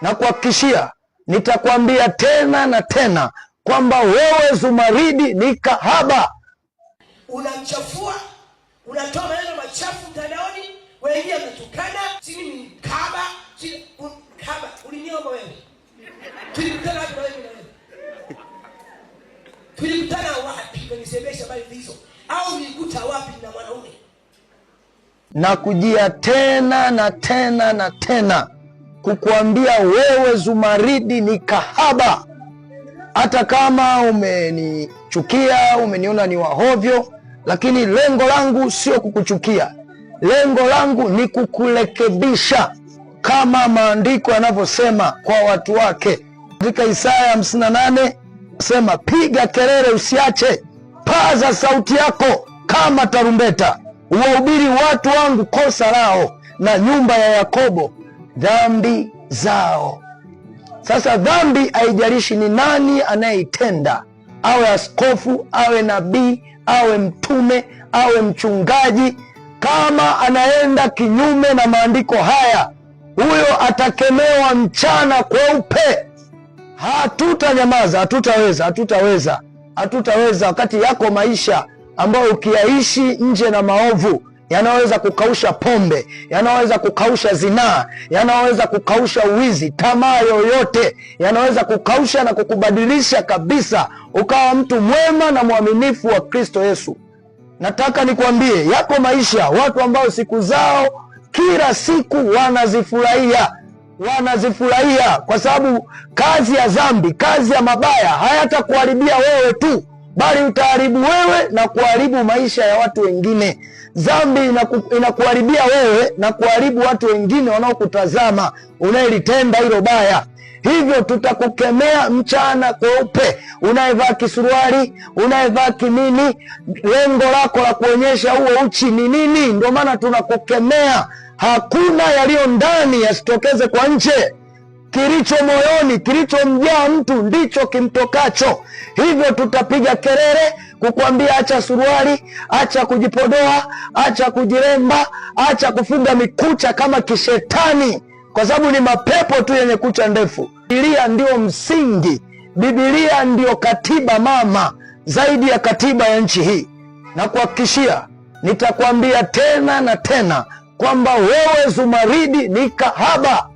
na kuhakikishia, nitakwambia tena na tena kwamba wewe Zumaridi ni kahaba. unachafua, unatoa maneno machafu mtandaoni, wengine wametukana, si mimi kahaba, si kahaba. Uliniomba wewe, tulikutana wapi? Na wewe na wewe tulikutana wapi? Kanisemesha bali hizo, au nilikuta wapi na mwanaume? na kujia tena na tena na tena kukuambia wewe Zumaridi ni kahaba, hata kama umenichukia, umeniona ni wahovyo, lakini lengo langu sio kukuchukia, lengo langu ni kukurekebisha kama maandiko yanavyosema kwa watu wake katika Isaya 58 sema, piga kelele usiache, paza sauti yako kama tarumbeta, uwahubiri watu wangu kosa lao na nyumba ya Yakobo dhambi zao. Sasa dhambi haijalishi ni nani anayeitenda, awe askofu, awe nabii, awe mtume, awe mchungaji, kama anaenda kinyume na maandiko haya, huyo atakemewa mchana kweupe. Hatutanyamaza, hatutaweza, hatutaweza, hatutaweza. Wakati yako maisha ambayo ukiyaishi nje na maovu yanayoweza kukausha pombe, yanayoweza kukausha zinaa, yanayoweza kukausha uwizi, tamaa yoyote, yanaweza kukausha na kukubadilisha kabisa, ukawa mtu mwema na mwaminifu wa Kristo Yesu. Nataka nikwambie, yako maisha watu ambao siku zao kila siku wanazifurahia wanazifurahia kwa sababu kazi ya zambi kazi ya mabaya hayatakuharibia wewe tu, bali utaharibu wewe na kuharibu maisha ya watu wengine. Dhambi inaku, inakuharibia wewe na kuharibu watu wengine wanaokutazama unayelitenda hilo baya. Hivyo tutakukemea mchana kweupe, unayevaa kisuruali, unayevaa kinini, lengo lako la kuonyesha huo uchi ni nini? Ndio maana tunakukemea. Hakuna yaliyo ndani yasitokeze kwa nje. Kilicho moyoni, kilichomjaa mtu ndicho kimtokacho. Hivyo tutapiga kelele kukwambia acha suruali, acha kujipodoa, acha kujiremba, acha kufunga mikucha kama kishetani, kwa sababu ni mapepo tu yenye kucha ndefu. Biblia ndiyo msingi, Biblia ndiyo katiba mama, zaidi ya katiba ya nchi hii. Nakuhakikishia, nitakwambia tena na tena kwamba wewe Zumaridi ni kahaba.